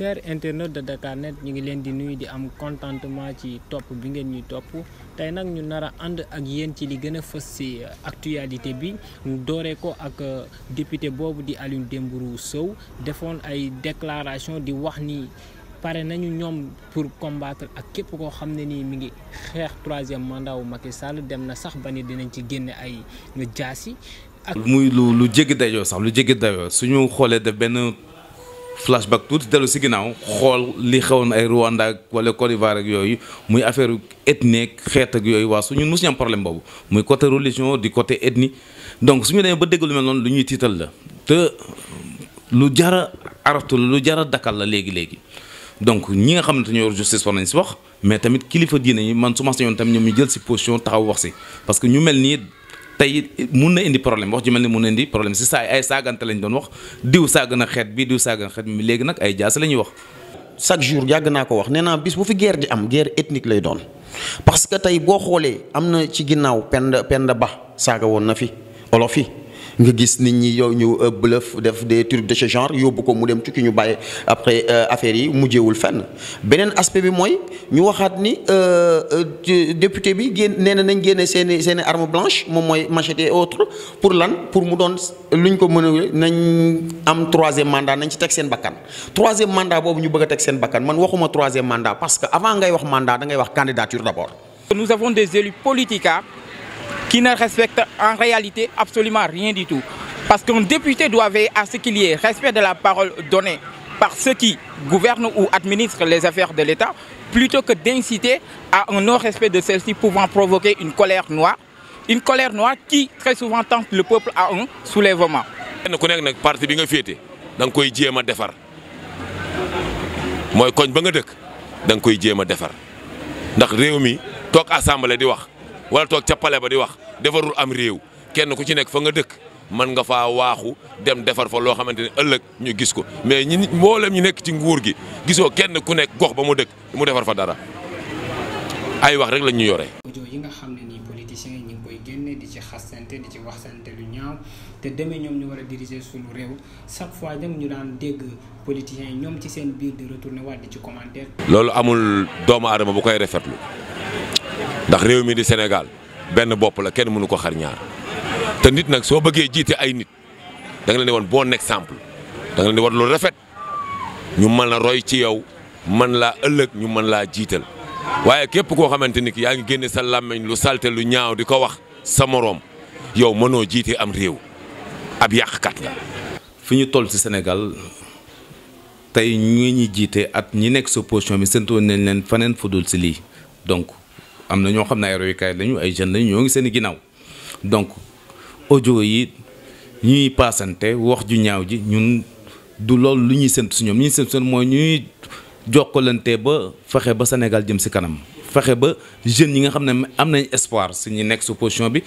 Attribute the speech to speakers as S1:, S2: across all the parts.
S1: chers internet de Dakarnet ñu ngi leen di nuyu di am contentement ci topp bi ngeen ñuy topp tey nag ñu nar a ànd ak yéen ci li gën a fës ci euh, actualité bi ñu dooree ko ak euh, député boobu di Alioune Dembourou sëw defoon ay déclaration di wax ni pare nañu ñoom pour combattre ak képp koo xam ne nii mi ngi xeex troisième mandat wu Macky Sall dem na sax ba ni dinañ ci génne ay euh, jaasi. ak muy
S2: lu lu jéggi dajoo sax lu jéggi dayoo suñu xoolee def benn. flashback tuuti dellu si ginnaaw xool li xewoon ay Rwanda wala Côte d'Ivoire ak yooyu muy affaire ethnie xeet ak yooyu waa su ñun mosu ñu am problème boobu muy côté religion di côté ethnie donc su ñu dee ba dégg lu mel noonu lu ñuy tiital la te lu jara araftu la lu jara dakkal la léegi léegi. donc ñi nga xamante ñoo yor justice war nañ si wax mais tamit kilifa diine yi man su ma sañoon tamit ñoom muy jël si position taxaw wax si parce que ñu mel nii tey mun na indi problème wax ju mel ni mun na indi problème si saa ay saagante lañ doon wax
S3: diw saaga na xeet bi diw saaga na xeet bi léegi nag ay jaas la ñuy wax. chaque jour yàgg naa ko wax nee naa bis bu fi guerre di am guerre ethnique lay doon parce que tey boo xoolee am na ci ginnaaw pend pend ba saaga woon na fi olof nga gis nit ñi yow ñu euh, bluff def des trucs de ce genre yóbbu ko mu dem tukki ñu bàyyi après euh, affaire yi mujjewul fenn beneen aspect bi mooy ñu waxaat ni euh, député bi génn nee na nañ génne seeni seeni arme blanche moom mooy machette et autres pour lan pour mu doon luñ ko mën a nañ am troisième mandat nañ ci teg seen bakkan troisième mandat boobu ñu bëgg a teg seen bakkan man waxuma troisième mandat parce que avant ngay wax mandat da ngay wax candidature d'abord nous
S2: qui ne respecte en réalité absolument rien du tout. Parce qu'un député doit veiller à ce qu'il y ait respect de la parole donnée par ceux qui gouvernent ou administrent les affaires de l'État, plutôt que d'inciter à un non-respect de celle-ci pouvant provoquer une colère noire, une colère noire qui très souvent tente le peuple à un soulèvement.
S4: kenn ku nekk nag parti bi nga féete da koy jéem a defar mooy koñ ba nga dëkk da nga koy jéem a defar ndax réew mi toog assemblée di wax. wala toog ca pale ba di wax defarul am réew kenn ku ci nekk fa nga dëkk mën nga faa waaxu dem defar fa loo xamante ne ëllëg ñu gis ko mais ñi mboolem ñu nekk ci nguur gi gisoo kenn ku nekk gox ba mu dëkk mu defar fa dara ay wax rek lañ ñu yore. audio yi nga xam ne nii
S1: politiciens yi ñu ngi koy génne di ci xasante di ci waxsante lu ñaaw te demee ñoom ñu war a diriger suñu réew chaque fois dem ñu daan dégg politiciens yi ñoom ci seen biir di retourner waat di ci commentaire.
S4: loolu amul doomu aadama bu koy rafetlu ndax réew mi di Sénégal benn bopp la kenn mënu ko xar ñaar te nit nag soo bëggee jiite ay nit da nga leen di wan bon exemple da nga leen di wan lu rafet ñu mën la roy ci yow mën laa ëllëg ñu mën laa jiital waaye képp koo xamante ni yaa ngi génne sa làmmiñ lu salte lu ñaaw di ko wax sa moroom yow mënoo jiite am réew ab yàqkat nga. fi ñu
S2: toll ci Sénégal tey ñu ngi ñuy jiite at ñi nekk sa position bi séntu nañ leen fu dul si lii donk am na ñoo xam ne ay royukaay lañu ay jeunes lañu ñoo ngi seen i ginnaaw donc audio yi ñuy paasante wax ju ñaaw ji ñun du loolu lu ñuy séntu si ñoom li ñuy séntu si mooy ñuy jokkalante ba fexe ba Sénégal jëm si kanam fexe ba jeunes yi nga xam ne am nañ espoir si ñu nekk si opposition bi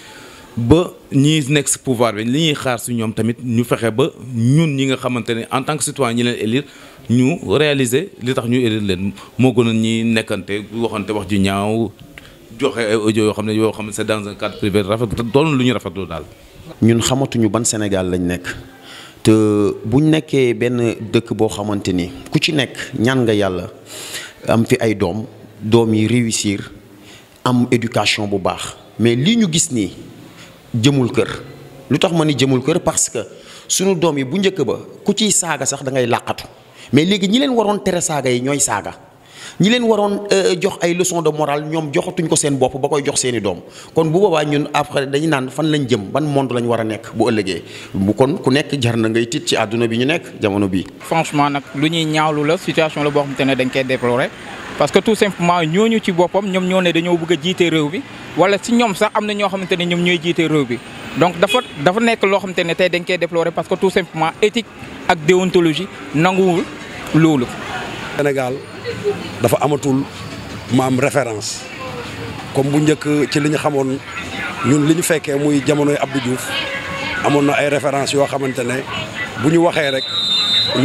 S2: ba ñi nekk si pouvoir bi li ñuy xaar si ñoom tamit ñu fexe ba ñun ñi nga xamante ne en tant que citoyen ñi leen élire ñu réaliser li tax ñu élire leen moo gënoon ñi nekkante waxante wax ju ñaaw. joxe yoo xam ne yoo xam ne c'est dans un cadre privé rafet
S3: doon lu ñu rafetlu daal. ñun xamatuñu ban Sénégal lañ nekk te buñ nekkee benn dëkk boo xamante ni ku ci nekk ñan nga yàlla am fi ay doom doom yi réussir am éducation bu baax mais lii ñu gis nii jëmul kër lu tax ma ni jëmul kër parce que sunu doom yi bu njëkk ba ku ciy saaga sax da ngay làqatu mais léegi ñi leen waroon tere saaga yi ñooy saaga. ñi leen waroon euh, jox ay leçon de morale ñoom joxatuñ ko seen bopp ba koy jox seeni doom kon bu boobaa ñun après dañu naan fan lañ jëm ban monde lañ war a nekk bu ëllëgee kon ku nekk jar na ngay tiit ci àdduna bi ñu nekk jamono bi franchement nag lu ñuy ñaawlu la situation la boo xam te ne dañ koy déplorer parce
S2: que tout simplement ñooñu ci boppam ñoom ñoo ne bëgg a réew bi wala si ñoom sax am na ñoo xamante ne ñoom ñooy jiite réew bi donc dafa dafa nekk loo xamante ne tey dañ koy déplorer parce que tout simplement éthique
S5: ak déontologie nanguwul loolu Sénégal dafa amatul maam référence comme bu njëkk ci li ñu xamoon ñun li ñu fekkee muy jamonoy Abdou Diouf amoon na ay référence yoo xamante ne bu ñu waxee rek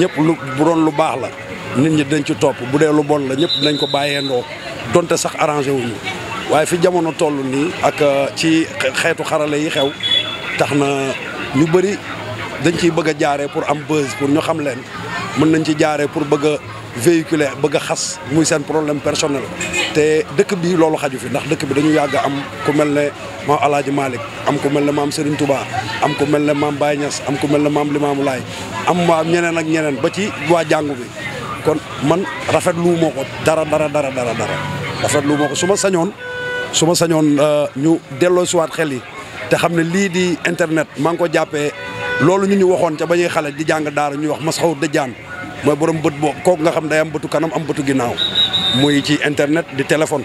S5: ñëpp lu bu lu baax la nit ñi dañ ci topp bu dee lu bon la ñëpp nañ ko bàyyee ndoo donte sax arrangé wuñu waaye fi jamono toll nii ak euh, ci xeetu xarale yi xew tax na ñu bëri dañ ciy bëgg a jaaree pour am buzz pour ñu xam leen mën nañ ci jaaree pour bëgg a véhiculer bëgg a xas muy seen problème personnel te dëkk bi loolu xaju fi ndax dëkk bi dañu yàgg am ku mel ne maam Alaaji Malick am ku mel ne maam Serigne Touba am ku mel ne maam baay Niass am ku mel ne maam Limamou Laye am waa ñeneen ak ñeneen ba ci waa jàngu bi kon man rafetlu moo ko dara dara dara dara dara rafetlu moo ko su ma sañoon su ma sañoon euh, ñu delloo siwaat xel yi te xam ne lii di internet maa ngi ko jàppee loolu ñu ñu waxoon ca ba ñuy xale di jàng daara ñuy wax ma masxaw dëjaan mooy boroom bët boo kooku nga xam day am bëtu kanam am bëtu ginnaaw muy ci internet di téléphone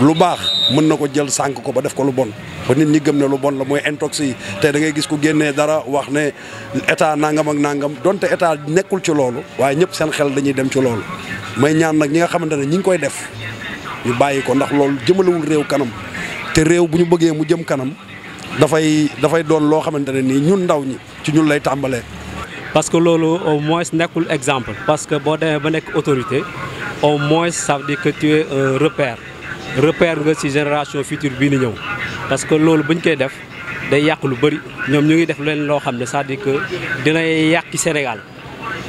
S5: lu baax mën na ko jël sànq ko ba def ko lu bon ba nit ñi gëm ne lu bon la mooy intoxi te tey da ngay gis ku génnee dara wax ne état nangam ak nangam donte état nekkul ci loolu waaye ñëpp seen xel dañuy dem ci loolu may ñaan nag ñi nga xamante ne ñi ngi koy def ñu bàyyi ko ndax loolu jëmalewul réew kanam te réew bu ñu bëggee mu jëm kanam dafay dafay doon loo xamante ne nii ñun ndaw ñi ci ñun lay tàmbalee. parce
S1: que loolu au moins nekkul exemple parce que boo demee ba nekk autorité au moins ça veut dire que tu es un repère repère nga ci génération future bii ni ñëw parce que loolu bu ñu koy def day yàq lu bëri ñoom ñu ngi def leen loo xam ne c'est-à-dire que dinay yàq ci Sénégal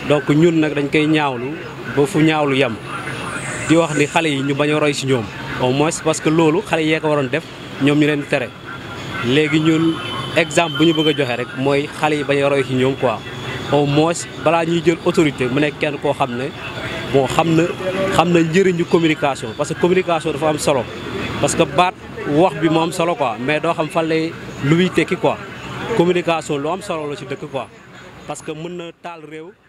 S1: donc ñun nag dañ koy ñaawlu ba fu ñaawlu yem di wax ni xale yi ñu bañ a roy ci ñoom au moins parce que loolu xale yee ko waroon def ñoom ñu leen tere. léegi ñun exemple bu ñu bëgg a joxe rek mooy xale yi bañ a roy ci ñoom quoi au moins balaa ñuy jël autorité mu nekk kenn koo xam ne bon xam na xam na njëriñu communication parce que communication dafa am solo parce que baat wax bi mu am solo quoi mais doo xam fan lay lu muy tekki quoi communication lu am solo la ci dëkk quoi parce que mën na taal réew.